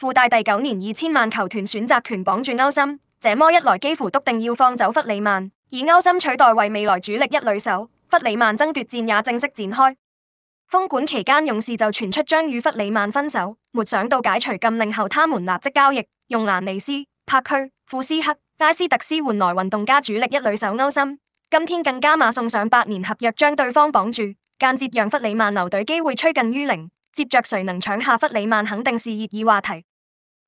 附帶第九年二千萬球團選擇權綁住歐森，這麼一來幾乎篤定要放走弗里曼，以歐森取代為未來主力一壘手。弗里曼爭奪戰，戰也正式展開。封管期間勇士就傳出將與弗里曼分手，沒想到解除禁令後，他們立即交易，用蘭尼斯、帕區、庫斯克、加斯特斯換來運動家主力一壘手歐森。今天更加碼送上八年合約將對方綁住，間接讓弗里曼留隊機會趨近於零。接着誰能搶下弗里曼，肯定是熱議話題。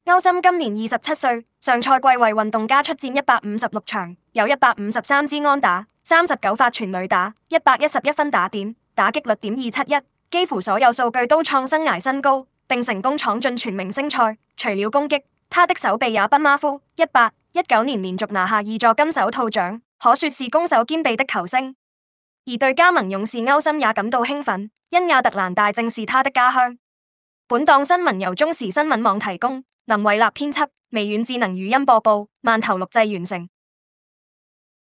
歐森今年二十七歲，上賽季為運動家出戰一百五十六場，有一百五十三支安打，三十九發全壘打，一百一十一分打點，打擊率點二七一，幾乎所有數據都創生涯新高，並成功闖進全明星賽。除了攻擊，他的手臂也不馬虎，一八一九年連續拿下二座金手套獎，可說是攻守兼備的球星。而對加盟勇士，歐森也感到興奮，因亞特蘭大正是他的家鄉。本檔新聞由中時新聞網提供。林偉立編輯，微軟智能語音播報，饅頭錄製完成。